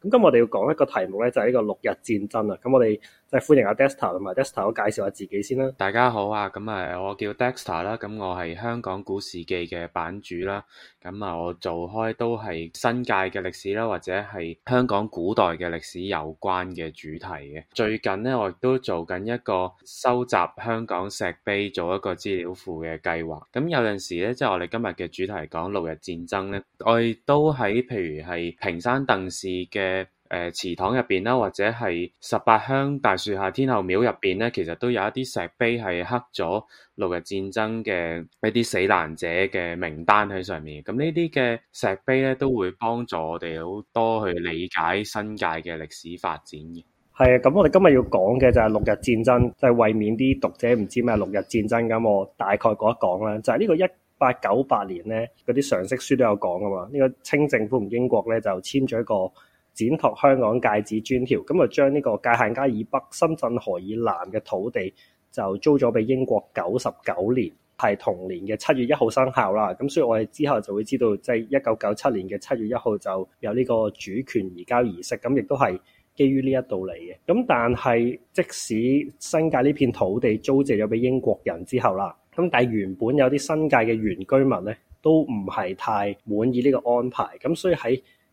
咁今日我哋要講一個題目咧，就係呢個六日戰爭啊！咁我哋。即歡迎阿 Dexter 同埋 Dexter，我介紹下自己先啦。大家好啊，咁啊，我叫 Dexter 啦，咁我係香港古事紀嘅版主啦，咁啊，我做開都係新界嘅歷史啦，或者係香港古代嘅歷史有關嘅主題嘅。最近咧，我亦都做緊一個收集香港石碑做一個資料庫嘅計劃。咁有陣時咧，即係我哋今日嘅主題講六日戰爭咧，我亦都喺譬如係平山鄧氏嘅。祠堂入邊啦，或者係十八鄉大樹下天后廟入邊咧，其實都有一啲石碑係刻咗六日戰爭嘅一啲死難者嘅名單喺上面。咁呢啲嘅石碑咧，都會幫助我哋好多去理解新界嘅歷史發展嘅。係啊，咁我哋今日要講嘅就係六日戰爭，就係、為免啲讀者唔知咩六日戰爭咁，我大概講一講啦。就係、是、呢個一八九八年咧，嗰啲常識書都有講噶嘛。呢、呢個清政府同英國咧就簽咗一個。展拓香港界址專條，咁啊將呢個界限街以北、深圳河以南嘅土地就租咗俾英國九十九年，係同年嘅七月一號生效啦。咁所以我哋之後就會知道，即係一九九七年嘅七月一號就有呢個主權移交儀式。咁亦都係基於呢一道嚟嘅。咁但係即使新界呢片土地租借咗俾英國人之後啦，咁但係原本有啲新界嘅原居民咧都唔係太滿意呢個安排，咁所以喺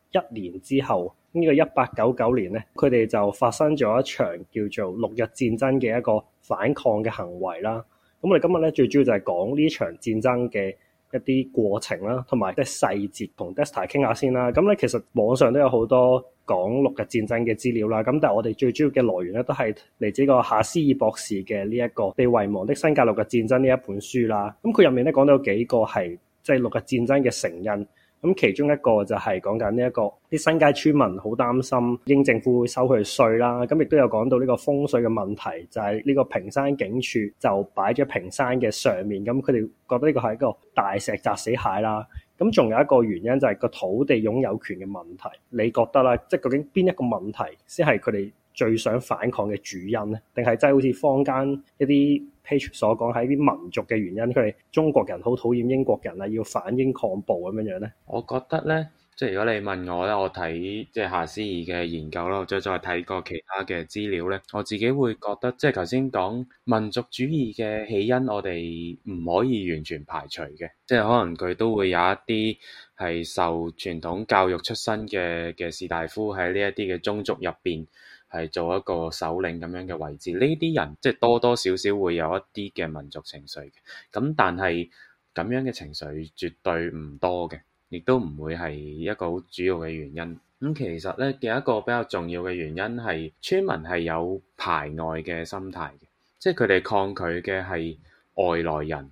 一年之後，個呢個一八九九年咧，佢哋就發生咗一場叫做六日戰爭嘅一個反抗嘅行為啦。咁我哋今日咧，最主要就係講呢場戰爭嘅一啲過程啦，同埋即係細節，同 Dexter 傾下先啦。咁咧其實網上都有好多講六日戰爭嘅資料啦。咁但係我哋最主要嘅來源咧，都係嚟自個夏思義博士嘅呢一個被遺忘的新界六日戰爭呢一本書啦。咁佢入面咧講到幾個係即係六日戰爭嘅成因。咁其中一個就係講緊呢一個啲新界村民好擔心英政府會收佢稅啦，咁亦都有講到呢個風水嘅問題，就係、是、呢個屏山警署就擺咗屏山嘅上面，咁佢哋覺得呢個係一個大石砸死蟹啦。咁仲有一個原因就係個土地擁有權嘅問題，你覺得啦，即係究竟邊一個問題先係佢哋？最想反抗嘅主因呢，定係真係好似坊間一啲 page 所講，喺啲民族嘅原因，佢哋中國人好討厭英國人啊，要反英抗暴咁樣樣咧。我覺得呢，即係如果你問我咧，我睇即係夏思義嘅研究啦，我再再睇過其他嘅資料呢，我自己會覺得即係頭先講民族主義嘅起因，我哋唔可以完全排除嘅，即係可能佢都會有一啲係受傳統教育出身嘅嘅士大夫喺呢一啲嘅宗族入邊。係做一個首領咁樣嘅位置，呢啲人即係、就是、多多少少會有一啲嘅民族情緒嘅，咁但係咁樣嘅情緒絕對唔多嘅，亦都唔會係一個好主要嘅原因。咁其實咧，嘅一個比較重要嘅原因係村民係有排外嘅心態嘅，即係佢哋抗拒嘅係外來人。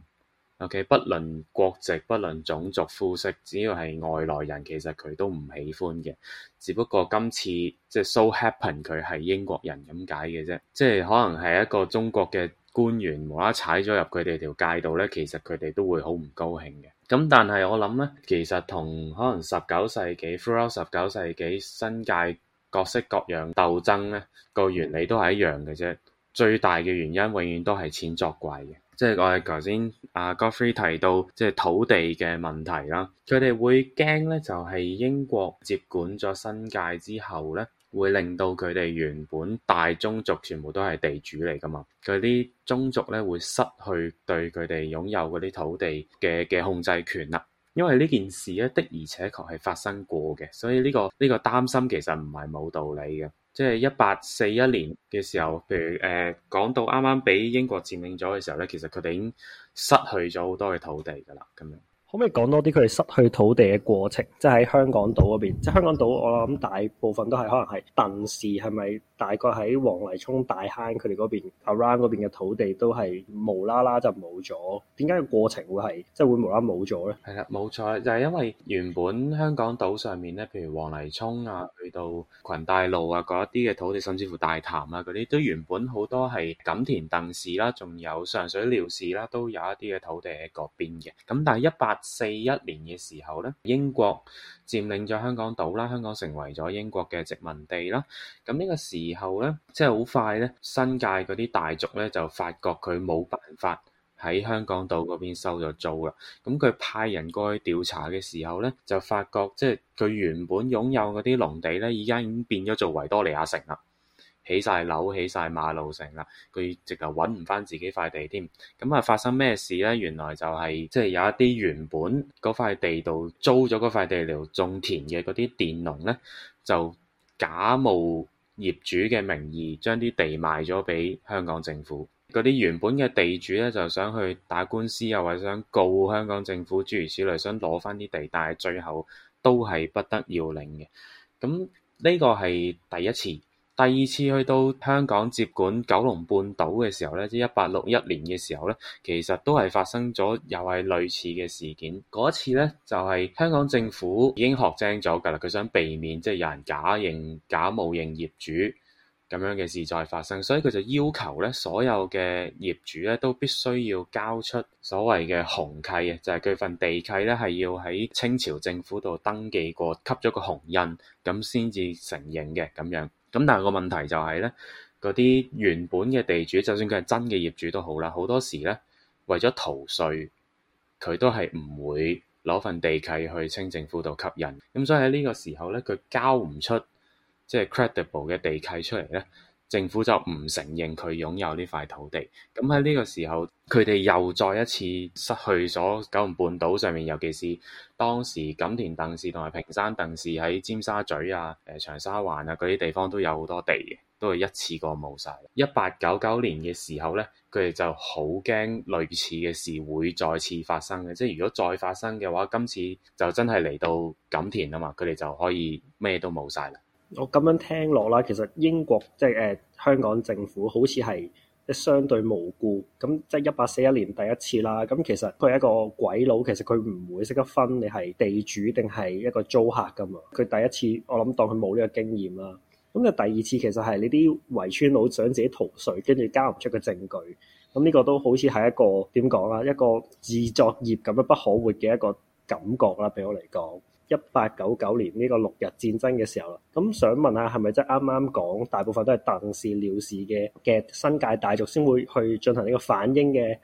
Okay, 不論國籍、不論種族膚色，只要係外來人，其實佢都唔喜歡嘅。只不過今次即係 so h a p p e n 佢係英國人咁解嘅啫。即係可能係一個中國嘅官員無啦踩咗入佢哋條街度咧，其實佢哋都會好唔高興嘅。咁但係我諗咧，其實同可能十九世紀、r o 十九世紀新界各式各樣鬥爭咧個原理都係一樣嘅啫。最大嘅原因永遠都係錢作怪嘅。即係我哋頭先阿 Godfrey 提到，即係土地嘅問題啦。佢哋會驚咧，就係英國接管咗新界之後咧，會令到佢哋原本大宗族全部都係地主嚟噶嘛。佢啲宗族咧會失去對佢哋擁有嗰啲土地嘅嘅控制權啦。因為呢件事咧的而且確係發生過嘅，所以呢個呢個擔心其實唔係冇道理嘅。即係一八四一年嘅時候，譬如誒、呃、講到啱啱畀英國佔領咗嘅時候咧，其實佢哋已經失去咗好多嘅土地㗎啦，咁樣。可唔可以講多啲佢哋失去土地嘅過程？即係喺香港島嗰邊，即係香港島，我諗大部分都係可能係鄧氏，係咪大概喺黃泥涌大坑佢哋嗰邊，around 嗰邊嘅土地都係無啦啦就冇咗？點解個過程會係即係會無啦冇咗咧？係啦，冇錯，就係因為原本香港島上面咧，譬如黃泥涌啊，去到群帶路啊嗰一啲嘅土地，甚至乎大潭啊嗰啲，都原本好多係錦田鄧氏啦，仲有上水廖氏啦，都有一啲嘅土地喺嗰邊嘅。咁但係一百四一年嘅時候咧，英國佔領咗香港島啦，香港成為咗英國嘅殖民地啦。咁呢個時候咧，即係好快咧，新界嗰啲大族咧就發覺佢冇辦法喺香港島嗰邊收咗租啦。咁佢派人過去調查嘅時候咧，就發覺即係佢原本擁有嗰啲農地咧，而家已經變咗做維多利亞城啦。起晒樓，起晒馬路，成啦。佢直頭揾唔翻自己塊地添。咁啊，發生咩事呢？原來就係即係有一啲原本嗰塊地度租咗嗰塊地嚟種田嘅嗰啲佃農呢，就假冒業主嘅名義，將啲地賣咗畀香港政府。嗰啲原本嘅地主呢，就想去打官司，又或者想告香港政府諸如此類，想攞翻啲地，但係最後都係不得要領嘅。咁呢個係第一次。第二次去到香港接管九龍半島嘅時候咧，即係一八六一年嘅時候咧，其實都係發生咗又係類似嘅事件。嗰一次咧就係香港政府已經學精咗噶啦，佢想避免即係有人假認、假冒認業主咁樣嘅事再發生，所以佢就要求咧，所有嘅業主咧都必須要交出所謂嘅紅契啊，就係佢份地契咧係要喺清朝政府度登記過，吸咗個紅印咁先至承認嘅咁樣。咁但係個問題就係咧，嗰啲原本嘅地主，就算佢係真嘅業主都好啦，好多時咧為咗逃稅，佢都係唔會攞份地契去清政府度吸引。咁所以喺呢個時候咧，佢交唔出即係、就是、credible 嘅地契出嚟咧。政府就唔承認佢擁有呢塊土地，咁喺呢個時候，佢哋又再一次失去咗九龍半島上面，尤其是當時錦田鄧氏同埋屏山鄧氏喺尖沙咀啊、誒長沙灣啊嗰啲地方都有好多地嘅，都係一次過冇晒。一八九九年嘅時候呢，佢哋就好驚類似嘅事會再次發生嘅，即如果再發生嘅話，今次就真係嚟到錦田啊嘛，佢哋就可以咩都冇晒啦。我咁樣聽落啦，其實英國即係誒、呃、香港政府好似係即相對無辜，咁即係一八四一年第一次啦。咁其實佢係一個鬼佬，其實佢唔會識得分你係地主定係一個租客噶嘛。佢第一次我諗當佢冇呢個經驗啦。咁嘅第二次其實係你啲圍村佬想自己逃稅，跟住交唔出個證據，咁呢個都好似係一個點講啦，一個自作孽咁樣不可活嘅一個感覺啦，俾我嚟講。一八九九年呢個六日戰爭嘅時候啦，咁想問下係咪即係啱啱講大部分都係鄧氏廖氏嘅嘅新界大族先會去進行呢個反英嘅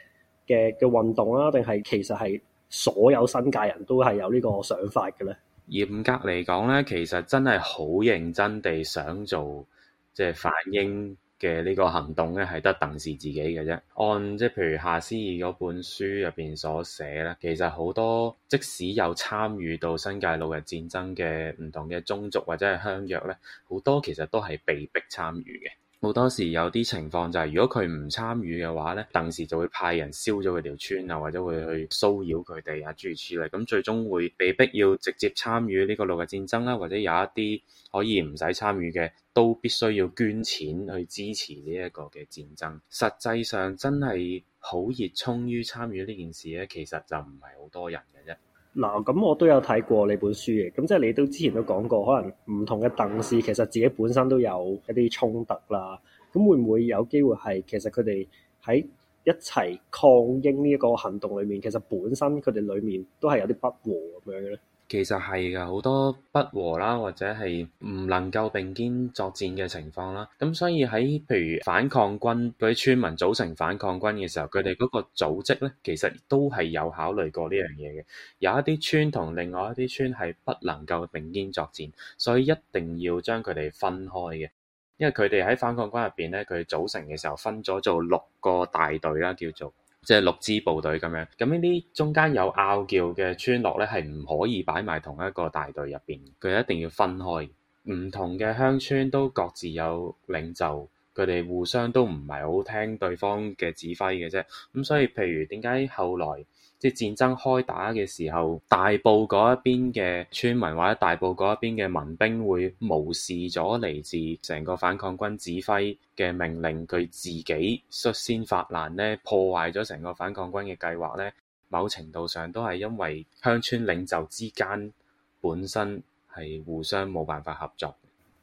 嘅嘅運動啦？定係其實係所有新界人都係有呢個想法嘅咧？嚴格嚟講咧，其實真係好認真地想做即係，就是反英。嗯。嘅呢個行動咧，係得鄧氏自己嘅啫。按即係，譬如夏思爾夏思義嗰本書入邊所寫咧，其實好多即使有參與到新界六日戰爭嘅唔同嘅宗族或者係鄉約咧，好多其實都係被逼參與嘅。好多時有啲情況就係，如果佢唔參與嘅話咧，鄧氏就會派人燒咗佢條村啊，或者會去騷擾佢哋啊，諸如此類。咁最終會被逼要直接參與呢個六日戰爭啦，或者有一啲可以唔使參與嘅，都必須要捐錢去支持呢一個嘅戰爭。實際上真係好熱衷於參與呢件事咧，其實就唔係好多人嘅啫。嗱，咁我都有睇過你本書嘅，咁即係你都之前都講過，可能唔同嘅鄧氏其實自己本身都有一啲衝突啦，咁會唔會有機會係其實佢哋喺一齊抗英呢個行動裏面，其實本身佢哋裏面都係有啲不和咁樣嘅咧？其實係噶，好多不和啦，或者係唔能夠並肩作戰嘅情況啦。咁所以喺譬如反抗軍，佢啲村民組成反抗軍嘅時候，佢哋嗰個組織咧，其實都係有考慮過呢樣嘢嘅。有一啲村同另外一啲村係不能夠並肩作戰，所以一定要將佢哋分開嘅。因為佢哋喺反抗軍入邊咧，佢哋組成嘅時候分咗做六個大隊啦，叫做。即係六支部隊咁樣，咁呢啲中間有拗撬嘅村落咧，係唔可以擺埋同一個大隊入邊，佢一定要分開。唔同嘅鄉村都各自有領袖，佢哋互相都唔係好聽對方嘅指揮嘅啫。咁所以，譬如點解後來？即係戰爭開打嘅時候，大埔嗰一邊嘅村民或者大埔嗰一邊嘅民兵會無視咗嚟自成個反抗軍指揮嘅命令，佢自己率先發難呢，破壞咗成個反抗軍嘅計劃呢，某程度上都係因為鄉村領袖之間本身係互相冇辦法合作。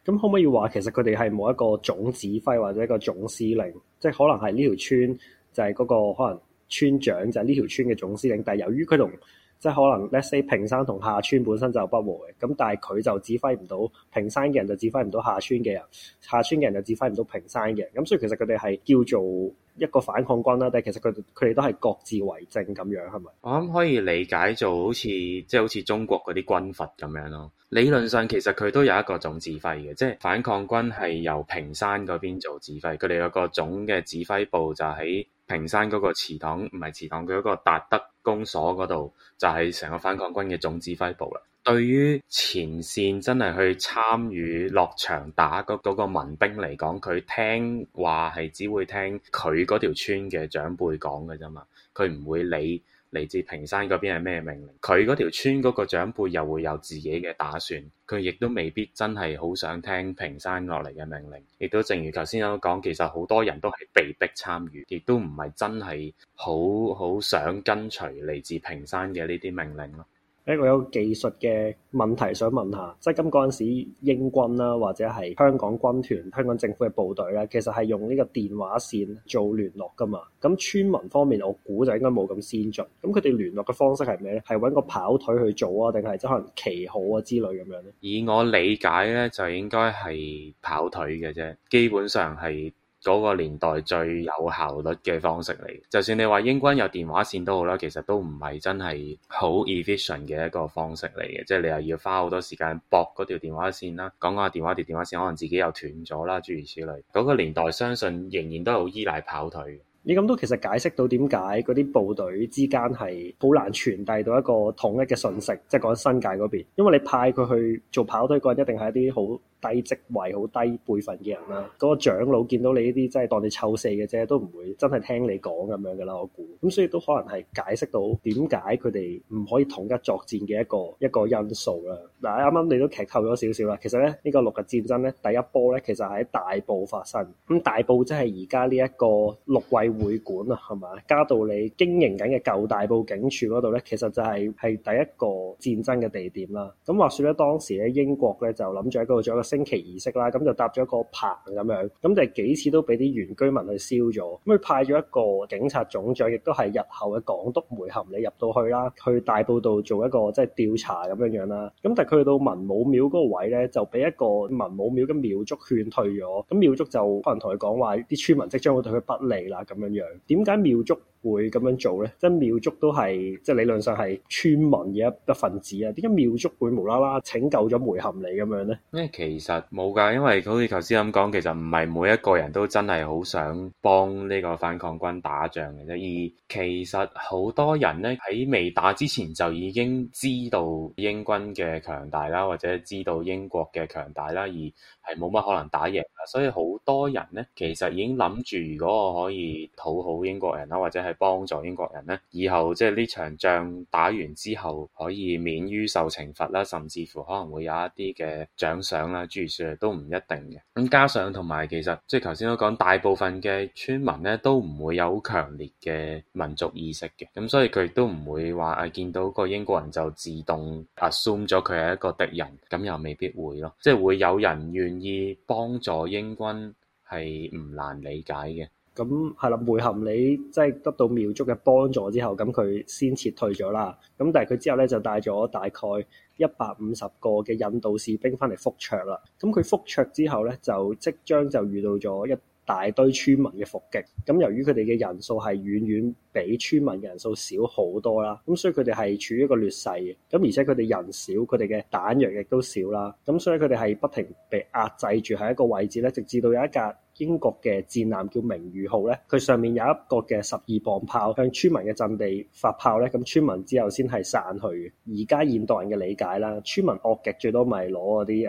咁可唔可以話其實佢哋係冇一個總指揮或者一個總司令，即係可能係呢條村就係嗰個可能。村長就係呢條村嘅總司令，但係由於佢同即係可能 let's say 平山同下村本身就不和嘅，咁但係佢就指揮唔到平山嘅人，就指揮唔到下村嘅人，下村嘅人就指揮唔到平山嘅，咁、嗯、所以其實佢哋係叫做一個反抗軍啦，但係其實佢佢哋都係各自為政咁樣，係咪？我諗可以理解做好似即係好似中國嗰啲軍閥咁樣咯。理論上其實佢都有一個總指揮嘅，即係反抗軍係由平山嗰邊做指揮，佢哋有個總嘅指揮部就喺平山嗰個祠堂，唔係祠堂，佢嗰個達德公所嗰度，就係成個反抗軍嘅總指揮部啦。對於前線真係去參與落場打嗰個民兵嚟講，佢聽話係只會聽佢嗰條村嘅長輩講嘅啫嘛，佢唔會理嚟自平山嗰邊係咩命令？佢嗰條村嗰個長輩又會有自己嘅打算，佢亦都未必真係好想聽平山落嚟嘅命令。亦都正如頭先所講，其實好多人都係被逼參與，亦都唔係真係好好想跟隨嚟自平山嘅呢啲命令咯。誒、嗯，我有個技術嘅問題想問下，即係咁嗰陣時，英軍啦、啊，或者係香港軍團、香港政府嘅部隊咧、啊，其實係用呢個電話線做聯絡㗎嘛。咁村民方面，我估就應該冇咁先進。咁佢哋聯絡嘅方式係咩咧？係揾個跑腿去做啊，定係即可能旗號啊之類咁樣咧？以我理解咧，就應該係跑腿嘅啫，基本上係。嗰個年代最有效率嘅方式嚟，就算你話英軍有電話線都好啦，其實都唔係真係好 efficient 嘅一個方式嚟嘅，即係你又要花好多時間駁嗰條電話線啦，講下電話條電話線可能自己又斷咗啦，諸如此類。嗰個年代相信仍然都好依賴跑腿。你咁都其實解釋到點解嗰啲部隊之間係好難傳遞到一個統一嘅訊息，即係講新界嗰邊，因為你派佢去做跑腿嗰陣，人一定係一啲好低職位、好低輩份嘅人啦，嗰、嗰個長老見到你呢啲，真係當你臭四嘅啫，都唔會真係聽你講咁樣噶啦，我估。咁所以都可能係解釋到點解佢哋唔可以統一作戰嘅一個一個因素啦。嗱，啱啱你都劇透咗少少啦。其實咧，呢、呢個六日戰爭咧，第一波咧，其實喺大埔發生。咁大埔即係而家呢一個六位會館啊，係咪？加到你經營緊嘅舊大埔警署嗰度咧，其實就係、係、係第一個戰爭嘅地點啦。咁話說咧，當時咧英國咧就諗住喺嗰度個升旗儀式啦，咁就搭咗一個棚咁樣，咁就係幾次都俾啲原居民去燒咗，咁佢派咗一個警察總長，亦都係日後嘅港督梅含理入到去啦，去大埔道做一個即係、就是、調查咁樣樣啦，咁但係佢去到文武廟嗰個位咧，就俾一個文武廟嘅廟祝勸退咗，咁廟祝就可能同佢講話啲村民即將會對佢不利啦咁樣樣，點解廟祝會咁樣做呢？即係廟祝都係即係理論上係村民嘅一一份子啊。點解廟祝會無啦啦拯救咗梅含理咁樣呢？因為其實冇㗎，因為好似頭先咁講，其實唔係每一個人都真係好想幫呢個反抗軍打仗嘅啫。而其實好多人呢，喺未打之前就已經知道英軍嘅強大啦，或者知道英國嘅強大啦，而。係冇乜可能打贏啦，所以好多人呢，其實已經諗住，如果我可以討好英國人啦，或者係幫助英國人呢，以後即係呢場仗打完之後，可以免於受懲罰啦，甚至乎可能會有一啲嘅獎賞啦，諸如此類都唔一定嘅。咁加上同埋其實即係頭先都講，大部分嘅村民呢都唔會有好強烈嘅民族意識嘅，咁所以佢都唔會話啊，見到個英國人就自動 assume 咗佢係一個敵人，咁又未必會咯，即係會有人願。而幫助英軍係唔難理解嘅。咁係啦，梅含理即係得到苗族嘅幫助之後，咁佢先撤退咗啦。咁但係佢之後咧就帶咗大概一百五十個嘅印度士兵翻嚟覆卓啦。咁佢覆卓之後咧就即將就遇到咗一大堆村民嘅伏擊，咁由於佢哋嘅人數係遠遠比村民嘅人數少好多啦，咁所以佢哋係處於一個劣勢嘅，咁而且佢哋人少，佢哋嘅彈藥亦都少啦，咁所以佢哋係不停被壓制住喺一個位置咧，直至到有一架英國嘅戰艦叫名譽號咧，佢上面有一個嘅十二磅炮向村民嘅陣地發炮咧，咁村民之後先係散去嘅。而家現代人嘅理解啦，村民惡極最多咪攞嗰啲誒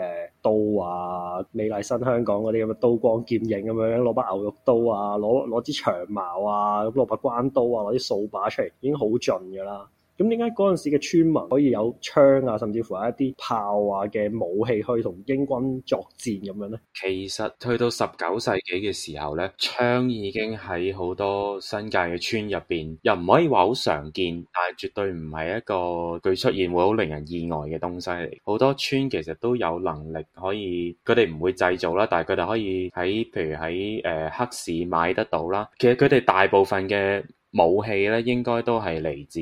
刀啊，美麗新香港嗰啲咁嘅刀光劍影咁樣攞把牛肉刀啊，攞攞支長矛啊，攞把關刀啊，攞啲、啊、掃把出嚟，已經好盡㗎啦。咁點解嗰陣時嘅村民可以有槍啊，甚至乎係一啲炮啊嘅武器，去同英軍作戰咁樣呢？其實去到十九世紀嘅時候呢，槍已經喺好多新界嘅村入邊又唔可以話好常見，但係絕對唔係一個佢出現會好令人意外嘅東西嚟。好多村其實都有能力可以，佢哋唔會製造啦，但係佢哋可以喺譬如喺誒、呃、黑市買得到啦。其實佢哋大部分嘅武器呢，應該都係嚟自。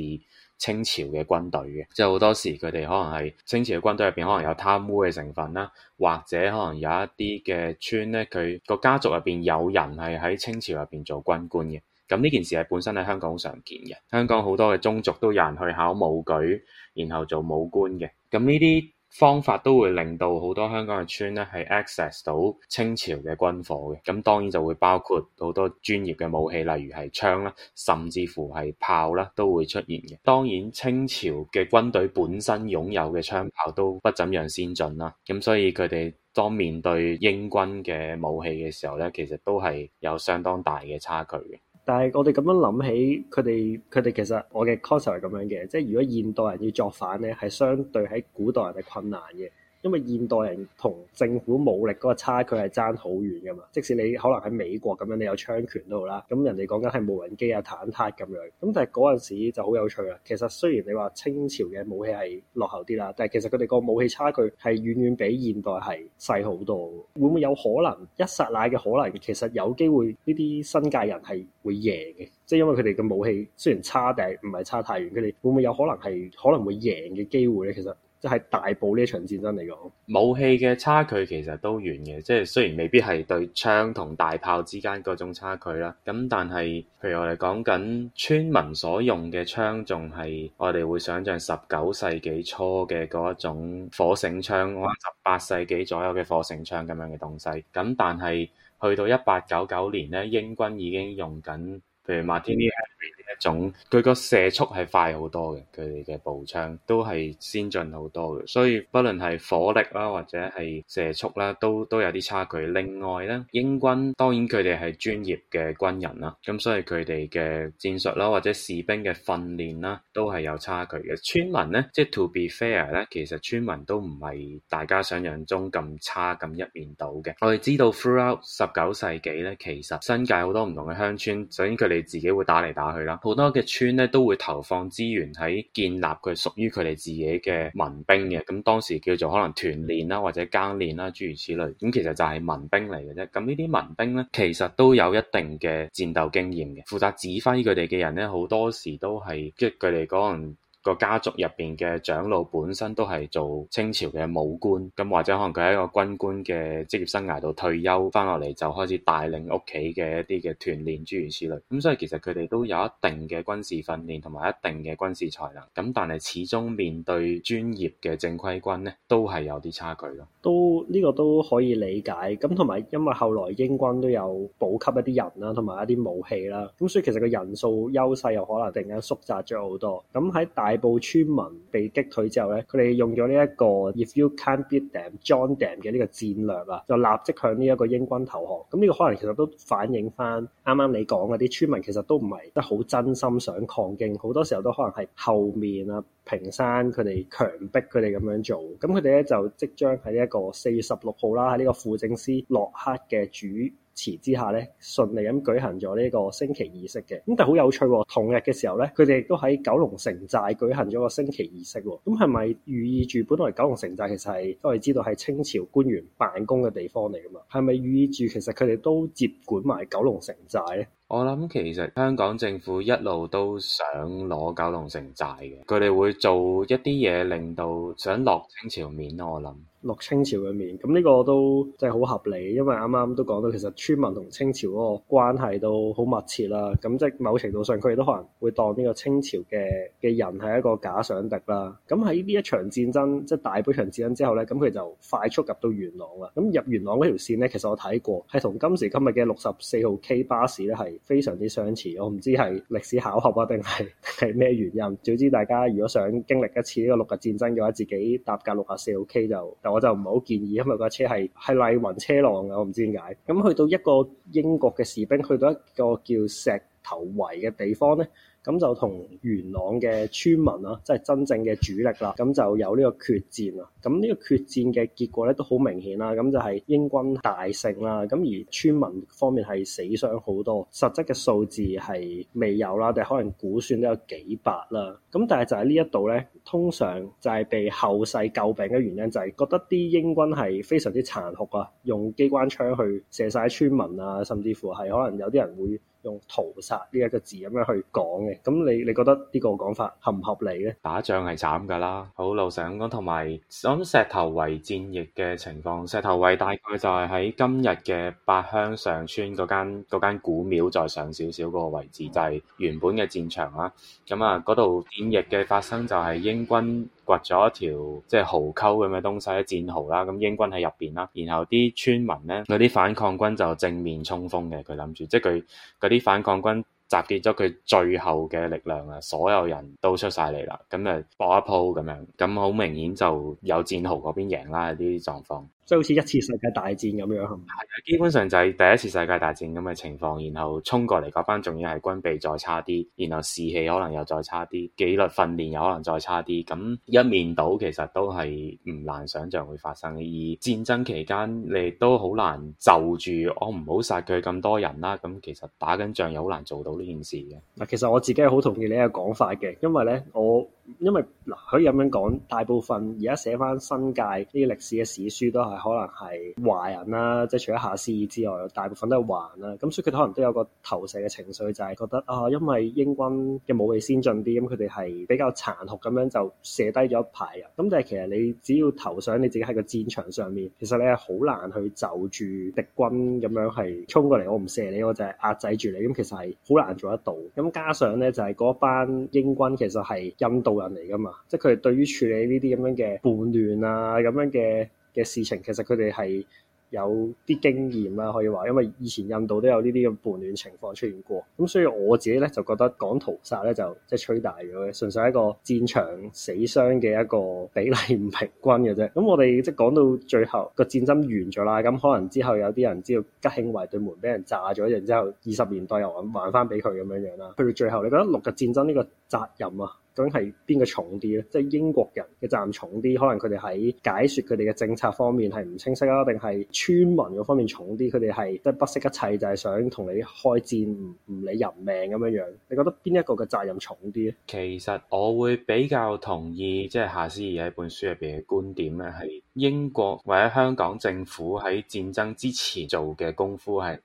清朝嘅軍隊嘅，即係好多時佢哋可能係清朝嘅軍隊入邊可能有貪污嘅成分啦，或者可能有一啲嘅村咧，佢個家族入邊有人係喺清朝入邊做軍官嘅，咁呢件事係本身喺香港好常見嘅，香港好多嘅宗族都有人去考武舉，然後做武官嘅，咁呢啲。方法都會令到好多香港嘅村咧係 access 到清朝嘅軍火嘅，咁當然就會包括好多專業嘅武器，例如係槍啦，甚至乎係炮啦，都會出現嘅。當然清朝嘅軍隊本身擁有嘅槍炮都不怎樣先進啦，咁所以佢哋當面對英軍嘅武器嘅時候咧，其實都係有相當大嘅差距嘅。但係我哋咁樣諗起佢哋，佢哋其實我嘅 concept 係咁樣嘅，即係如果現代人要作反咧，係相對喺古代人係困難嘅。因為現代人同政府武力嗰個差距係爭好遠噶嘛。即使你可能喺美國咁樣，你有槍權都好啦。咁人哋講緊係無人機啊、坦克咁樣。咁但係嗰陣時就好有趣啦。其實雖然你話清朝嘅武器係落後啲啦，但係其實佢哋個武器差距係遠遠比現代係細好多。會唔會有可能一剎那嘅可能，其實有機會呢啲新界人係會贏嘅，即係因為佢哋嘅武器雖然差，但係唔係差太遠。佢哋會唔會有可能係可能會贏嘅機會咧？其實？即係大埔呢場戰爭嚟講，武器嘅差距其實都遠嘅，即係雖然未必係對槍同大炮之間嗰種差距啦，咁但係，譬如我哋講緊村民所用嘅槍，仲係我哋會想象十九世紀初嘅嗰一種火繩槍，或者十八世紀左右嘅火繩槍咁樣嘅東西，咁但係去到一八九九年咧，英軍已經用緊譬如 Martini-Henry 一種，佢個射速係快好多嘅，佢哋嘅步槍都係先進好多嘅，所以不論係火力啦，或者係射速啦，都都有啲差距。另外咧，英軍當然佢哋係專業嘅軍人啦，咁所以佢哋嘅戰術啦，或者士兵嘅訓練啦，都係有差距嘅。村民咧，即係 to be fair 咧，其實村民都唔係大家想象中咁差咁一面倒嘅。我哋知道 throughout 十九世紀咧，其實新界好多唔同嘅鄉村，首先佢哋自己會打嚟打去啦。好多嘅村咧都會投放資源喺建立佢屬於佢哋自己嘅民兵嘅，咁、嗯、當時叫做可能團練啦或者更練啦諸如此類，咁、嗯、其實就係民兵嚟嘅啫。咁呢啲民兵咧其實都有一定嘅戰鬥經驗嘅，負責指揮佢哋嘅人咧好多時都係即係佢哋可能，個家族入邊嘅長老本身都係做清朝嘅武官，咁或者可能佢喺一個軍官嘅職業生涯度退休翻落嚟，就開始帶領屋企嘅一啲嘅團練諸如此類，咁所以其實佢哋都有一定嘅軍事訓練同埋一定嘅軍事才能，咁但係始終面對專業嘅正規軍呢，都係有啲差距咯。都呢個都可以理解，咁同埋因為後來英軍都有補給一啲人啦、啊，同埋一啲武器啦、啊，咁所以其實個人數優勢又可能突然間縮窄咗好多。咁喺大部村民被擊退之後咧，佢哋用咗呢一個 if you can't beat them, join them 嘅呢個戰略啊，就立即向呢一個英軍投降。咁呢個可能其實都反映翻啱啱你講嗰啲村民其實都唔係得好真心想抗勁，好多時候都可能係後面啊平山佢哋強迫佢哋咁樣做。咁佢哋咧就即將喺呢一個四月十六號啦，喺呢個輔政司洛克嘅主之下咧，順利咁舉行咗呢個升旗儀式嘅。咁但係好有趣，同日嘅時候咧，佢哋亦都喺九龍城寨舉行咗個升旗儀式。咁係咪寓意住本來九龍城寨其實係我哋知道係清朝官員辦公嘅地方嚟㗎嘛？係咪寓意住其實佢哋都接管埋九龍城寨咧？我諗其實香港政府一路都想攞九龍城寨嘅，佢哋會做一啲嘢，令到想落清朝面。我諗落清朝嘅面，咁呢個都即係好合理，因為啱啱都講到，其實村民同清朝嗰個關係都好密切啦。咁即係某程度上，佢哋都可能會當呢個清朝嘅嘅人係一個假想敵啦。咁喺呢一場戰爭，即係大埔場戰爭之後呢，咁佢就快速入到元朗啦。咁入元朗嗰條線呢，其實我睇過係同今時今日嘅六十四號 K 巴士咧係。非常之相似，我唔知係歷史巧合啊，定係係咩原因？早知大家如果想經歷一次呢個六日戰爭嘅話，自己搭架六四 K 就，但我就唔係好建議，因為架車係係泥雲車浪啊，我唔知點解。咁、嗯、去到一個英國嘅士兵去到一個叫石頭圍嘅地方呢。咁就同元朗嘅村民啦、啊，即係真正嘅主力啦，咁就有呢個決戰啊！咁呢個決戰嘅結果咧都好明顯啦，咁就係英軍大勝啦、啊，咁而村民方面係死傷好多，實質嘅數字係未有啦，但係可能估算都有幾百啦。咁但係就喺呢一度咧，通常就係被後世詬病嘅原因就係覺得啲英軍係非常之殘酷啊，用機關槍去射晒村民啊，甚至乎係可能有啲人會。用屠殺呢一個字咁樣去講嘅，咁你你覺得呢個講法合唔合理咧？打仗係慘㗎啦，好，老實咁講，同埋咁石頭圍戰役嘅情況，石頭圍大概就係喺今日嘅八鄉上村嗰間嗰間古廟再上少少嗰個位置，就係、是、原本嘅戰場啦。咁啊，嗰度戰役嘅發生就係英軍。掘咗一條即係壕溝咁嘅東西咧，戰壕啦，咁英軍喺入邊啦，然後啲村民咧，嗰啲反抗軍就正面衝鋒嘅，佢諗住即係佢嗰啲反抗軍集結咗佢最後嘅力量啊，所有人都出晒嚟啦，咁誒搏一鋪咁樣，咁好明顯就有戰壕嗰邊贏啦呢啲狀況。即係好似一次世界大戰咁樣，基本上就係第一次世界大戰咁嘅情況，然後衝過嚟嗰班，仲要係軍備再差啲，然後士氣可能又再差啲，紀律訓練又可能再差啲，咁一面倒其實都係唔難想象會發生嘅。而戰爭期間，你都好難就住我唔好殺佢咁多人啦。咁其實打緊仗又好難做到呢件事嘅。嗱，其實我自己係好同意你嘅講法嘅，因為咧我。因為嗱可以咁樣講，大部分而家寫翻新界呢啲歷史嘅史書都係可能係華人啦，即係除咗夏思義之外，大部分都係華人啦。咁所以佢可能都有個投射嘅情緒，就係覺得啊，因為英軍嘅武器先進啲，咁佢哋係比較殘酷咁樣就射低咗一排人。咁但係其實你只要投上你自己喺個戰場上面，其實你係好難去就住敵軍咁樣係衝過嚟，我唔射你，我就係壓制住你。咁其實係好難做得到。咁加上咧就係嗰班英軍其實係印度人嚟噶嘛，即係佢哋對於處理呢啲咁樣嘅叛亂啊，咁樣嘅嘅事情，其實佢哋係有啲經驗啦，可以話，因為以前印度都有呢啲咁叛亂情況出現過。咁所以我自己咧就覺得講屠殺咧就即係吹大咗嘅，純粹係一個戰場死傷嘅一個比例唔平均嘅啫。咁我哋即係講到最後個戰爭完咗啦，咁可能之後有啲人知道吉慶圍對門俾人炸咗，然後之後二十年代又還翻俾佢咁樣樣啦。去到最後，你覺得六日戰爭呢個責任啊？究竟係邊個重啲咧？即係英國人嘅責任重啲，可能佢哋喺解説佢哋嘅政策方面係唔清晰啊，定係村民嗰方面重啲？佢哋係即係不惜一切就係想同你開戰，唔理人命咁樣樣。你覺得邊一個嘅責任重啲咧？其實我會比較同意即係夏思義喺本書入邊嘅觀點咧，係英國或者香港政府喺戰爭之前做嘅功夫係。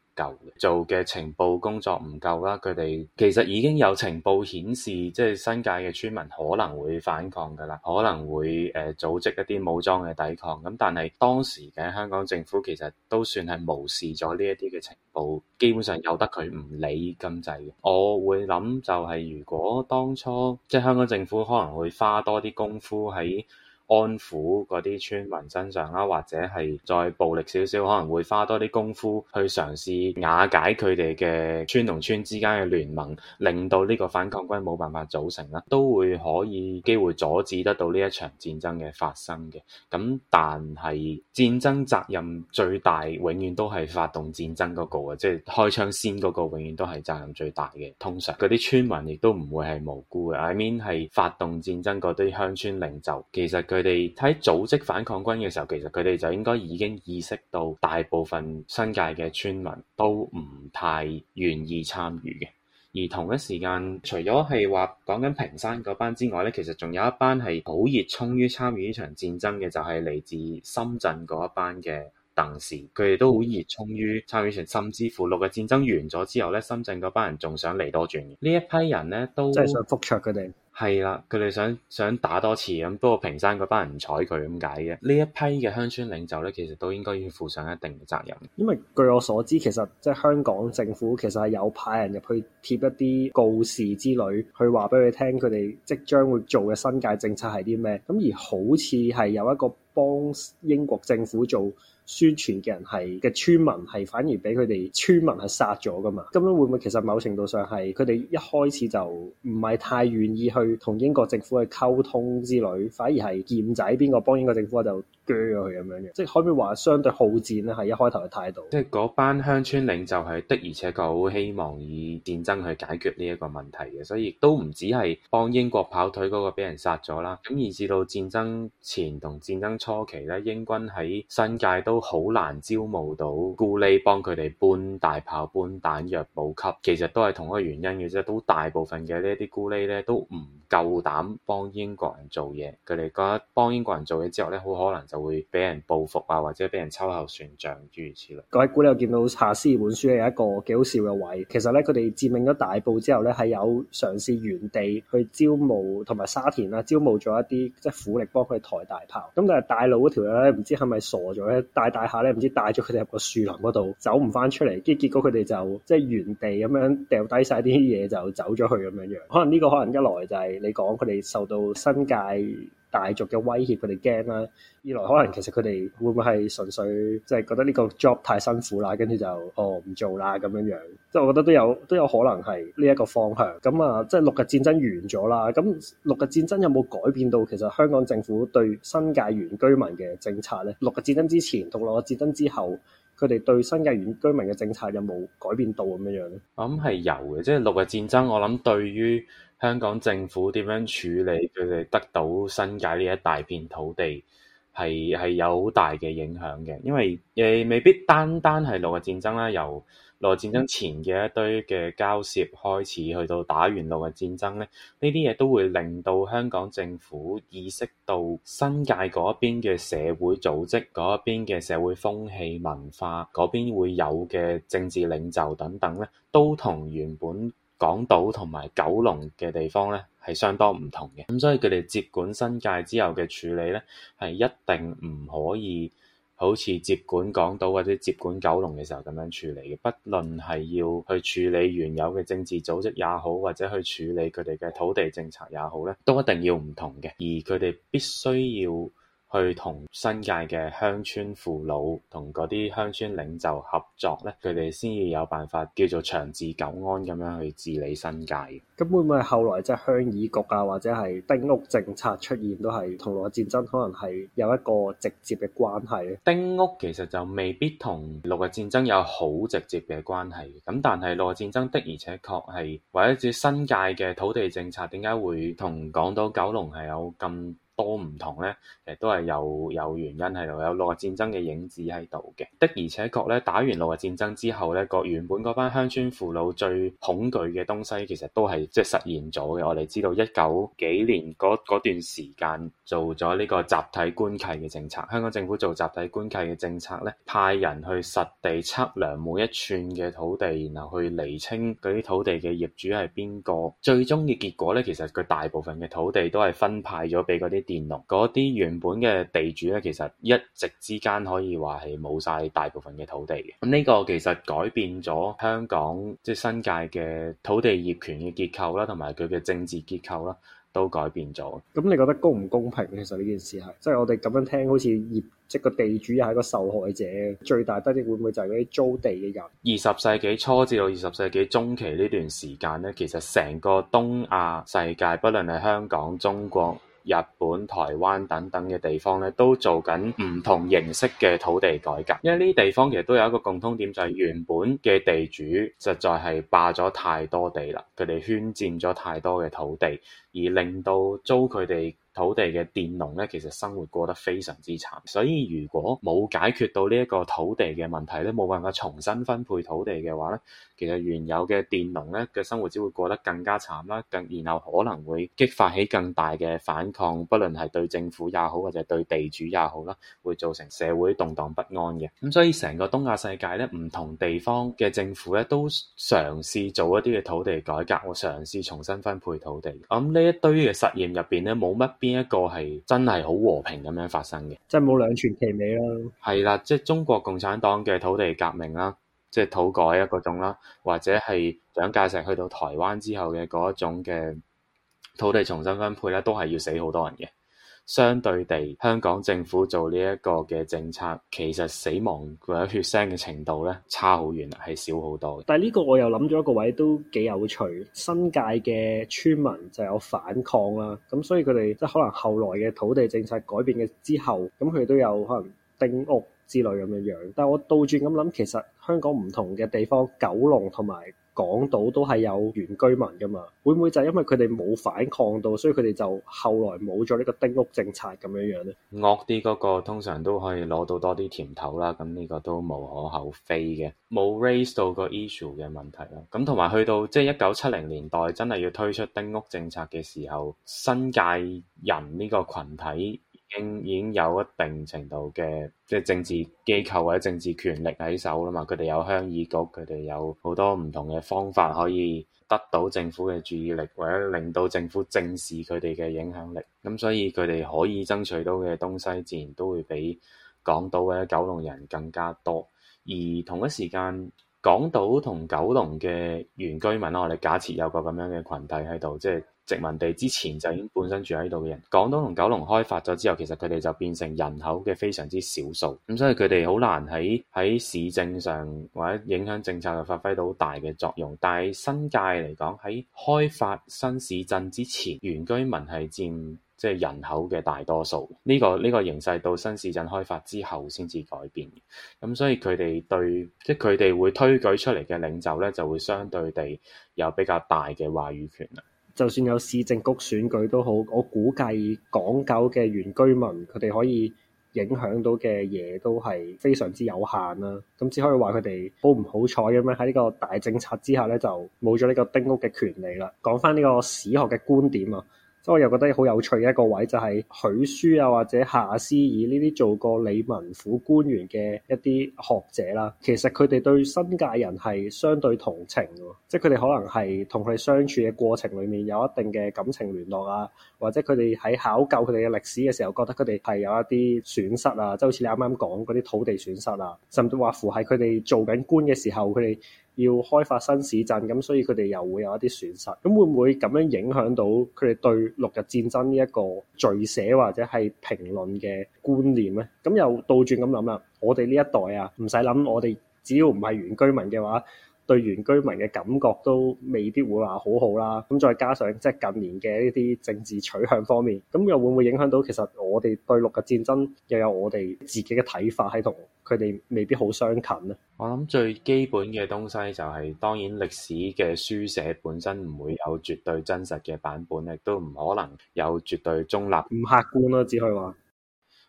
做嘅情報工作唔夠啦，佢哋其實已經有情報顯示，即係新界嘅村民可能會反抗噶啦，可能會誒組織一啲武裝嘅抵抗。咁但係當時嘅香港政府其實都算係無視咗呢一啲嘅情報，基本上由得佢唔理咁滯嘅。我會諗就係如果當初即係香港政府可能會花多啲功夫喺。安撫嗰啲村民身上啦，或者係再暴力少少，可能會花多啲功夫去嘗試瓦解佢哋嘅村同村之間嘅聯盟，令到呢個反抗軍冇辦法組成啦，都會可以機會阻止得到呢一場戰爭嘅發生嘅。咁但係戰爭責任最大，永遠都係發動戰爭嗰個啊，即係開槍先嗰個，永遠都係責任最大嘅。通常嗰啲村民亦都唔會係無辜嘅，I mean 係發動戰爭嗰啲鄉村領袖，其實佢。佢哋喺組織反抗軍嘅時候，其實佢哋就應該已經意識到大部分新界嘅村民都唔太願意參與嘅。而同一時間，除咗係話講緊屏山嗰班之外呢，其實仲有一班係好熱衷於參與呢場戰爭嘅，就係、是、嚟自深圳嗰一班嘅鄧氏。佢哋都好熱衷於參與呢場甚至乎六日嘅戰爭。完咗之後呢，深圳嗰班人仲想嚟多轉嘅。呢一批人呢，都即係想覆桌佢哋。係啦，佢哋想想打多次咁，不過平山嗰班人唔睬佢咁解嘅。呢一批嘅鄉村領袖咧，其實都應該要負上一定嘅責任。因為據我所知，其實即係香港政府其實係有派人入去貼一啲告示之類，去話俾佢聽佢哋即將會做嘅新界政策係啲咩。咁而好似係有一個幫英國政府做宣傳嘅人係嘅村民係反而俾佢哋村民係殺咗噶嘛？咁樣會唔會其實某程度上係佢哋一開始就唔係太願意去同英國政府去溝通之類，反而係劍仔邊個幫英國政府就？咁樣嘅，即係可唔可以話相對好戰呢係一開頭嘅態度，即係嗰班鄉村領袖係的，而且確好希望以戰爭去解決呢一個問題嘅，所以亦都唔止係幫英國跑腿嗰個俾人殺咗啦。咁而至到戰爭前同戰爭初期咧，英軍喺新界都好難招募到孤 l e 幫佢哋搬大炮、搬彈藥補給，其實都係同一個原因嘅啫。都大部分嘅呢啲孤 l e 咧都唔夠膽幫英國人做嘢，佢哋覺得幫英國人做嘢之後咧，好可能就。會俾人報復啊，或者俾人秋後算賬諸如此類。各位估你又見到夏思義本書係一個幾好笑嘅位。其實咧，佢哋佔領咗大埔之後咧，係有嘗試原地去招募同埋沙田啦，招募咗一啲即係苦力幫佢抬大炮。咁但係大佬嗰條友咧，唔知係咪傻咗咧？大大呢帶大下咧，唔知帶咗佢哋入個樹林嗰度，走唔返出嚟。跟住結果佢哋就即係原地咁樣掉低晒啲嘢，就走咗去咁樣樣。可能呢個可能一來就係、是、你講佢哋受到新界。大族嘅威脅佢哋驚啦，二來可能其實佢哋會唔會係純粹即係覺得呢個 job 太辛苦啦，跟住就哦唔做啦咁樣樣，即係我覺得都有都有可能係呢一個方向。咁啊，即係六日戰爭完咗啦，咁六日戰爭有冇改變到其實香港政府對新界原居民嘅政策咧？六日戰爭之前同六日戰爭之後，佢哋對新界原居民嘅政策有冇改變到咁樣樣咧？我諗係有嘅，即係六日戰爭，我諗對於。香港政府點樣處理佢哋得到新界呢一大片土地，係係有大嘅影響嘅，因為誒未必單單係六日戰爭啦，由六日戰爭前嘅一堆嘅交涉開始，去到打完六日戰爭咧，呢啲嘢都會令到香港政府意識到新界嗰邊嘅社會組織、嗰邊嘅社會風氣、文化、嗰邊會有嘅政治領袖等等咧，都同原本。港島同埋九龍嘅地方咧，係相當唔同嘅。咁所以佢哋接管新界之後嘅處理咧，係一定唔可以好似接管港島或者接管九龍嘅時候咁樣處理嘅。不論係要去處理原有嘅政治組織也好，或者去處理佢哋嘅土地政策也好咧，都一定要唔同嘅。而佢哋必須要。去同新界嘅鄉村父老同嗰啲鄉村領袖合作咧，佢哋先要有辦法叫做長治久安咁樣去治理新界嘅。咁會唔會係後來即係鄉議局啊，或者係丁屋政策出現都係同六日戰爭可能係有一個直接嘅關係咧？丁屋其實就未必同六日戰爭有好直接嘅關係。咁但係六日戰爭的而且確係或者至新界嘅土地政策點解會同港島、九龍係有咁多唔同咧，其實都係有有原因喺度，有六日戰爭嘅影子喺度嘅。的而且確咧，打完六日戰爭之後咧，個原本嗰班鄉村父老最恐懼嘅東西，其實都係即係實現咗嘅。我哋知道一九幾年嗰段時間做咗呢個集體官契嘅政策，香港政府做集體官契嘅政策咧，派人去實地測量每一寸嘅土地，然後去釐清嗰啲土地嘅業主係邊個。最終嘅結果咧，其實佢大部分嘅土地都係分派咗俾嗰啲。嗰啲原本嘅地主咧，其實一夕之間可以話係冇晒大部分嘅土地嘅。咁、這、呢個其實改變咗香港即係、就是、新界嘅土地業權嘅結構啦，同埋佢嘅政治結構啦，都改變咗。咁你覺得公唔公平？其實呢件事係即係我哋咁樣聽，好似業即係個地主又係個受害者，最大得益會唔會就係嗰啲租地嘅人？二十世紀初至到二十世紀中期呢段時間咧，其實成個東亞世界，不論係香港、中國。日本、台灣等等嘅地方咧，都做緊唔同形式嘅土地改革，因為呢啲地方其實都有一個共通點，就係原本嘅地主實在係霸咗太多地啦，佢哋圈佔咗太多嘅土地，而令到租佢哋。土地嘅佃農咧，其實生活過得非常之慘，所以如果冇解決到呢一個土地嘅問題咧，冇辦法重新分配土地嘅話咧，其實原有嘅佃農咧嘅生活只會過得更加慘啦，更然後可能會激發起更大嘅反抗，不論係對政府也好，或者對地主也好啦，會造成社會動盪不安嘅。咁所以成個東亞世界咧，唔同地方嘅政府咧都嘗試做一啲嘅土地改革，我嘗試重新分配土地。我諗呢一堆嘅實驗入邊咧，冇乜。邊一個係真係好和平咁樣發生嘅？即係冇兩全其美咯。係啦，即係中國共產黨嘅土地革命啦，即係土改嗰種啦，或者係蔣介石去到台灣之後嘅嗰一種嘅土地重新分配咧，都係要死好多人嘅。相對地，香港政府做呢一個嘅政策，其實死亡或者血腥嘅程度咧，差好遠，係少好多嘅。但係呢個我又諗咗一個位，都幾有趣。新界嘅村民就有反抗啦，咁所以佢哋即係可能後來嘅土地政策改變嘅之後，咁佢哋都有可能定屋之類咁樣樣。但我倒轉咁諗，其實香港唔同嘅地方，九龍同埋。港島都係有原居民㗎嘛，會唔會就係因為佢哋冇反抗到，所以佢哋就後來冇咗呢個丁屋政策咁樣樣呢？惡啲嗰個通常都可以攞到多啲甜頭啦，咁呢個都無可厚非嘅。冇 raise 到個 issue 嘅問題啦，咁同埋去到即係一九七零年代真係要推出丁屋政策嘅時候，新界人呢個群體。已經有一定程度嘅即係政治機構或者政治權力喺手啦嘛，佢哋有鄉議局，佢哋有好多唔同嘅方法可以得到政府嘅注意力，或者令到政府正視佢哋嘅影響力。咁所以佢哋可以爭取到嘅東西自然都會比港島或者九龍人更加多。而同一時間，港島同九龍嘅原居民，我哋假設有個咁樣嘅群體喺度，即係。殖民地之前就已經本身住喺度嘅人，港島同九龍開發咗之後，其實，佢哋就變成人口嘅非常之少數，咁所以佢哋好難喺喺市政上或者影響政策，就發揮到好大嘅作用。但係新界嚟講，喺開發新市鎮之前，原居民係佔即係人口嘅大多數。呢個呢個形勢到新市鎮開發之後先至改變嘅，咁所以佢哋對即係佢哋會推舉出嚟嘅領袖咧，就會相對地有比較大嘅話語權啦。就算有市政局選舉都好，我估計港九嘅原居民佢哋可以影響到嘅嘢都係非常之有限啦。咁只可以話佢哋好唔好彩咁樣喺呢個大政策之下咧，就冇咗呢個丁屋嘅權利啦。講翻呢個史學嘅觀點啊。即係我又覺得好有趣嘅一個位就係許書啊或者夏思義呢啲做過李文府官員嘅一啲學者啦，其實佢哋對新界人係相對同情喎，即係佢哋可能係同佢哋相處嘅過程裡面有一定嘅感情聯絡啊，或者佢哋喺考究佢哋嘅歷史嘅時候，覺得佢哋係有一啲損失啊，即係好似你啱啱講嗰啲土地損失啊，甚至話乎係佢哋做緊官嘅時候佢哋。要開發新市鎮，咁所以佢哋又會有一啲損失，咁會唔會咁樣影響到佢哋對六日戰爭呢一個敘寫或者係評論嘅觀念呢？咁又倒轉咁諗啦，我哋呢一代啊，唔使諗，我哋只要唔係原居民嘅話。對原居民嘅感覺都未必會話好好啦，咁再加上即係、就是、近年嘅呢啲政治取向方面，咁又會唔會影響到其實我哋對六日戰爭又有我哋自己嘅睇法，係同佢哋未必好相近呢？我諗最基本嘅東西就係、是、當然歷史嘅書寫本身唔會有絕對真實嘅版本，亦都唔可能有絕對中立，唔客觀咯，只可以話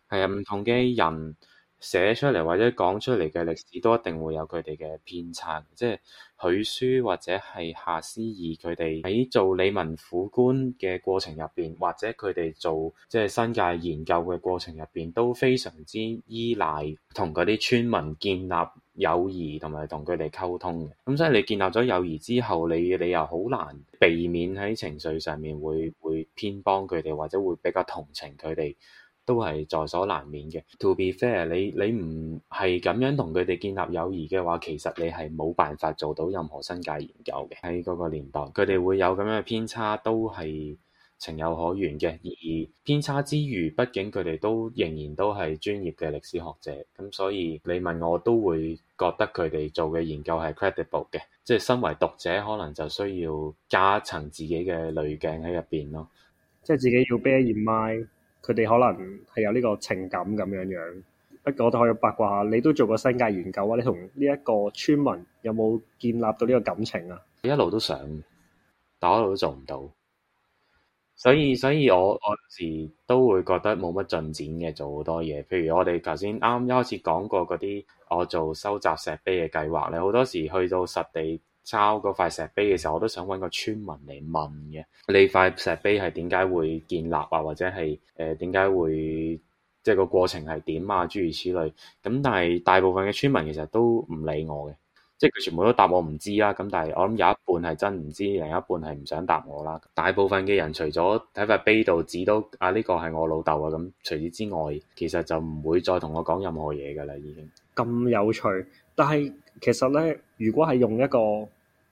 係啊，唔同嘅人。寫出嚟或者講出嚟嘅歷史都一定會有佢哋嘅偏差，即係許書或者係夏思義佢哋喺做理民府官嘅過程入邊，或者佢哋做即係新界研究嘅過程入邊，都非常之依賴同嗰啲村民建立友誼，同埋同佢哋溝通嘅。咁所以你建立咗友誼之後，你你又好難避免喺情緒上面會會偏幫佢哋，或者會比較同情佢哋。都係在所難免嘅。To be fair，你你唔係咁樣同佢哋建立友誼嘅話，其實你係冇辦法做到任何新界研究嘅。喺嗰個年代，佢哋會有咁樣嘅偏差，都係情有可原嘅。而偏差之餘，畢竟佢哋都仍然都係專業嘅歷史學者，咁所以你問我，我都會覺得佢哋做嘅研究係 credible 嘅。即係身為讀者，可能就需要加一層自己嘅濾鏡喺入邊咯，即係自己要 bear in mind。佢哋可能係有呢個情感咁樣樣，不過我都可以八卦下。你都做過新界研究啊？你同呢一個村民有冇建立到呢個感情啊？一路都想，但一路都做唔到，所以所以我，我有時都會覺得冇乜進展嘅。做好多嘢，譬如我哋頭先啱啱一開始講過嗰啲，我做收集石碑嘅計劃咧，好多時去到實地。抄嗰塊石碑嘅時候，我都想搵個村民嚟問嘅。你塊石碑係點解會建立啊？或者係誒點解會即係、就是、個過程係點啊？諸如此類。咁但係大部分嘅村民其實都唔理我嘅，即係佢全部都答我唔知啦、啊。咁但係我諗有一半係真唔知，另一半係唔想答我啦。大部分嘅人除咗喺塊碑度指到啊呢、這個係我老豆啊咁，除此之外，其實就唔會再同我講任何嘢㗎啦。已經咁有趣，但係其實咧。如果係用一個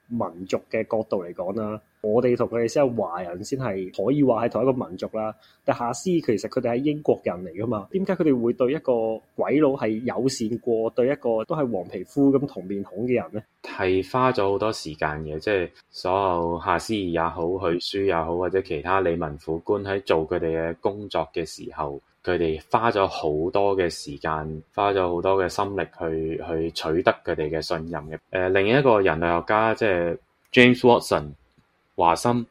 民族嘅角度嚟講啦，我哋同佢哋先係華人先係可以話係同一個民族啦。但夏思義其實佢哋係英國人嚟㗎嘛？點解佢哋會對一個鬼佬係友善過對一個都係黃皮膚咁同面孔嘅人呢？係花咗好多時間嘅，即係所有夏思義也好，許舒也好，或者其他理民府官喺做佢哋嘅工作嘅時候。佢哋花咗好多嘅時間，花咗好多嘅心力去去取得佢哋嘅信任嘅。誒、呃，另一個人類學家即係、就是、James Watson 華森，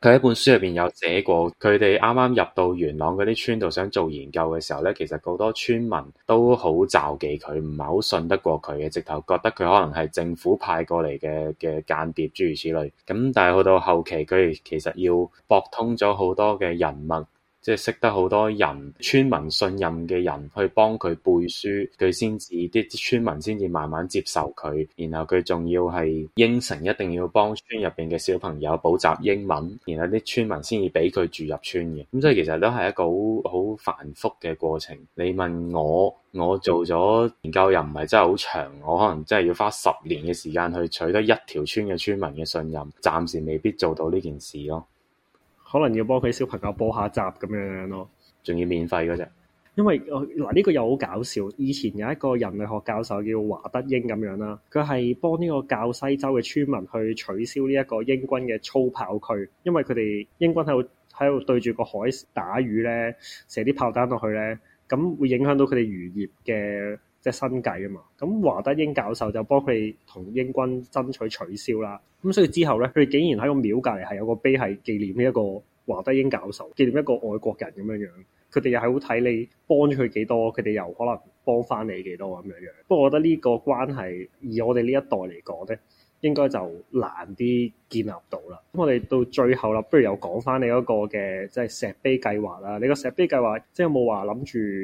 佢喺本書入邊有寫過，佢哋啱啱入到元朗嗰啲村度想做研究嘅時候咧，其實好多村民都好嘲忌佢，唔係好信得過佢嘅，直頭覺得佢可能係政府派過嚟嘅嘅間諜，諸如此類。咁但係去到後期，佢哋其實要博通咗好多嘅人脈。即係識得好多人，村民信任嘅人去幫佢背書，佢先至啲村民先至慢慢接受佢。然後佢仲要係應承，一定要幫村入邊嘅小朋友補習英文。然後啲村民先至畀佢住入村嘅。咁即係其實都係一個好繁複嘅過程。你問我，我做咗研究又唔係真係好長，我可能真係要花十年嘅時間去取得一條村嘅村民嘅信任，暫時未必做到呢件事咯。可能要幫佢小朋友播下集咁樣樣咯，仲要免費嗰隻，因為嗱，呢個又好搞笑。以前有一個人類學教授叫華德英咁樣啦，佢係幫呢個滘西洲嘅村民去取消呢一個英軍嘅操炮區，因為佢哋英軍喺度喺度對住個海打魚咧，射啲炮彈落去咧，咁會影響到佢哋漁業嘅。即係新界啊嘛，咁華德英教授就幫佢同英軍爭取取消啦，咁所以之後咧，佢哋竟然喺個廟隔籬係有個碑係紀念一個華德英教授，紀念一個外國人咁樣樣。佢哋又係好睇你幫咗佢幾多，佢哋又可能幫翻你幾多咁樣樣。不過我覺得呢個關係，以我哋呢一代嚟講咧。應該就難啲建立到啦。咁我哋到最後啦，不如又講翻你嗰個嘅即係石碑計劃啦。你個石碑計劃即係有冇話諗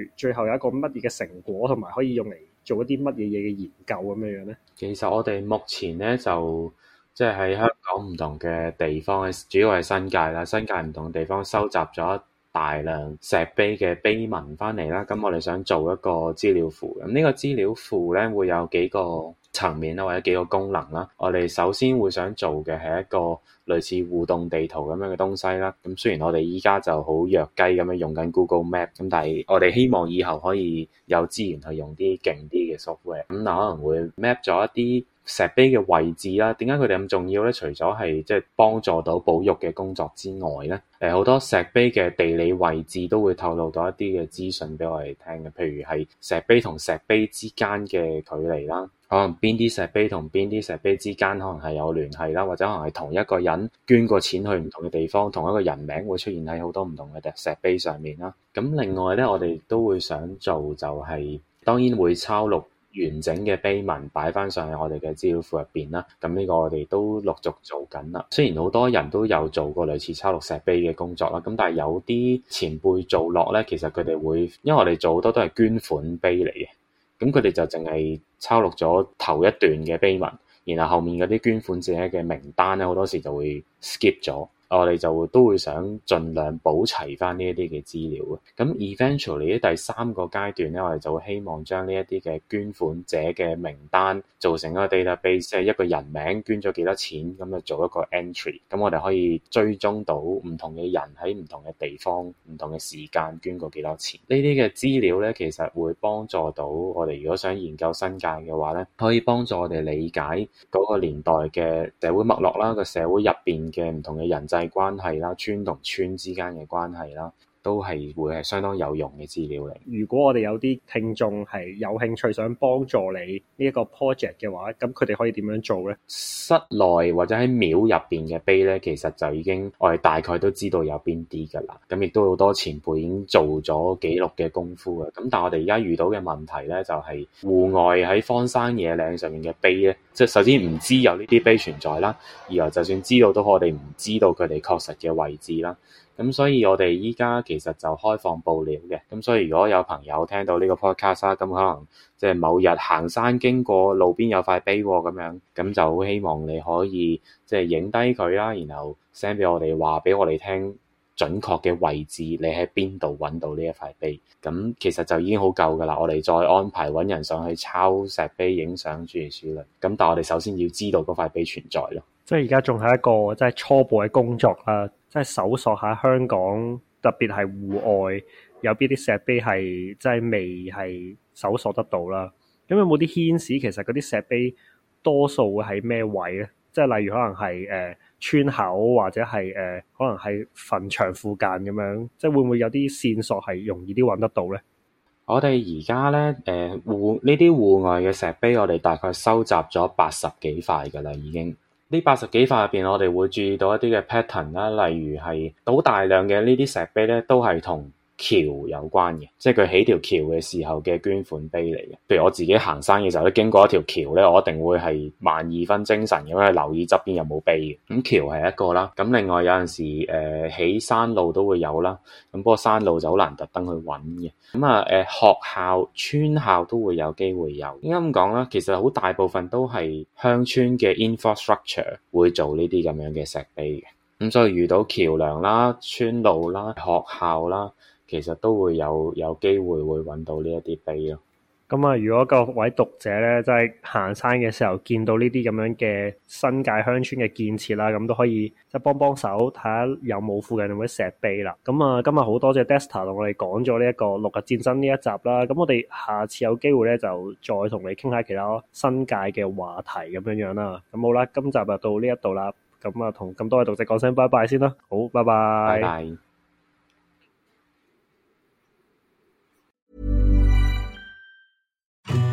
住最後有一個乜嘢嘅成果，同埋可以用嚟做一啲乜嘢嘢嘅研究咁樣樣咧？其實我哋目前咧就即係喺香港唔同嘅地方，主要係新界啦，新界唔同嘅地方收集咗，大量石碑嘅碑文翻嚟啦，咁我哋想做一個資料庫。咁呢個資料庫咧會有幾個層面啦，或者幾個功能啦。我哋首先會想做嘅係一個類似互動地圖咁樣嘅東西啦。咁雖然我哋依家就好弱雞咁樣用緊 Google Map，咁但係我哋希望以後可以有資源去用啲勁啲嘅 software。咁嗱可能會 map 咗一啲。石碑嘅位置啦，點解佢哋咁重要咧？除咗係即係幫助到保育嘅工作之外咧，誒，好多石碑嘅地理位置都會透露到一啲嘅資訊俾我哋聽嘅，譬如係石碑同石碑之間嘅距離啦，可能邊啲石碑同邊啲石碑之間可能係有聯繫啦，或者可能係同一個人捐過錢去唔同嘅地方，同一個人名會出現喺好多唔同嘅石碑上面啦。咁另外咧，我哋都會想做就係、是，當然會抄錄。完整嘅碑文擺翻上去我哋嘅資料庫入邊啦，咁呢個我哋都陸續做緊啦。雖然好多人都有做過類似抄錄石碑嘅工作啦，咁但係有啲前輩做落咧，其實佢哋會，因為我哋做好多都係捐款碑嚟嘅，咁佢哋就淨係抄錄咗頭一段嘅碑文，然後後面嗰啲捐款者嘅名單咧，好多時就會 skip 咗。我哋就會都會想盡量補齊翻呢一啲嘅資料啊！咁 eventually 咧第三個階段咧，我哋就會希望將呢一啲嘅捐款者嘅名單做成一個 database，一個人名捐咗幾多錢，咁啊，做一個 entry。咁我哋可以追蹤到唔同嘅人喺唔同嘅地方、唔同嘅時間捐過幾多錢。呢啲嘅資料咧，其實會幫助到我哋，如果想研究新界嘅話咧，可以幫助我哋理解個年代嘅社會脈絡啦，個社會入邊嘅唔同嘅人際。關係啦，村同村之間嘅關係啦。都係會係相當有用嘅資料嚟。如果我哋有啲聽眾係有興趣想幫助你呢一個 project 嘅話，咁佢哋可以點樣做呢？室內或者喺廟入邊嘅碑呢，其實就已經我哋大概都知道有邊啲㗎啦。咁亦都好多前輩已經做咗記錄嘅功夫嘅。咁但係我哋而家遇到嘅問題呢，就係戶外喺荒山野嶺上面嘅碑呢，即係首先唔知有呢啲碑存在啦，然後就算知道，都好，我哋唔知道佢哋確實嘅位置啦。咁所以，我哋依家其實就開放報料嘅。咁所以，如果有朋友聽到呢個 podcast 啊，咁可能即係某日行山經過路邊有塊碑咁、喔、樣，咁就好希望你可以即係影低佢啦，然後 send 俾我哋，話俾我哋聽準確嘅位置，你喺邊度揾到呢一塊碑？咁其實就已經好夠噶啦。我哋再安排揾人上去抄石碑、影相、注意視力。咁但係我哋首先要知道嗰塊碑存在咯。即係而家仲係一個即係初步嘅工作啦、啊。即係搜索下香港特別係戶外有邊啲石碑係真係未係搜索得到啦。咁有冇啲提示其實嗰啲石碑多數會喺咩位咧？即係例如可能係誒、呃、村口或者係誒、呃、可能係墳場附近咁樣，即係會唔會有啲線索係容易啲揾得到咧？我哋而家咧誒戶呢啲戶、呃、外嘅石碑，我哋大概收集咗八十幾塊㗎啦，已經。呢八十幾塊入邊，我哋會注意到一啲嘅 pattern 啦，例如係倒大量嘅呢啲石碑咧，都係同橋有關嘅，即係佢起條橋嘅時候嘅捐款碑嚟嘅。譬如我自己行山嘅時候，都經過一條橋咧，我一定會係萬二分精神咁去留意側邊有冇碑嘅。咁、嗯、橋係一個啦，咁另外有陣時誒、呃、起山路都會有啦。咁不過山路就好難特登去揾嘅。咁啊誒學校、村校都會有機會有。啱咁講啦，其實好大部分都係鄉村嘅 infrastructure 會做呢啲咁樣嘅石碑嘅。咁、嗯、所以遇到橋梁啦、村路啦、學校啦。其實都會有有機會會揾到呢一啲碑咯。咁啊，如果各位讀者咧，即係行山嘅時候見到呢啲咁樣嘅新界鄉村嘅建設啦，咁都可以即係幫幫手睇下有冇附近有冇石碑啦。咁啊，今日好多謝 Dexter 同我哋講咗呢一個六日戰爭呢一集啦。咁我哋下次有機會咧，就再同你傾下其他新界嘅話題咁樣樣啦。咁好啦，今集就到呢一度啦。咁啊，同咁多位讀者講聲拜拜先啦。好，拜拜。拜拜。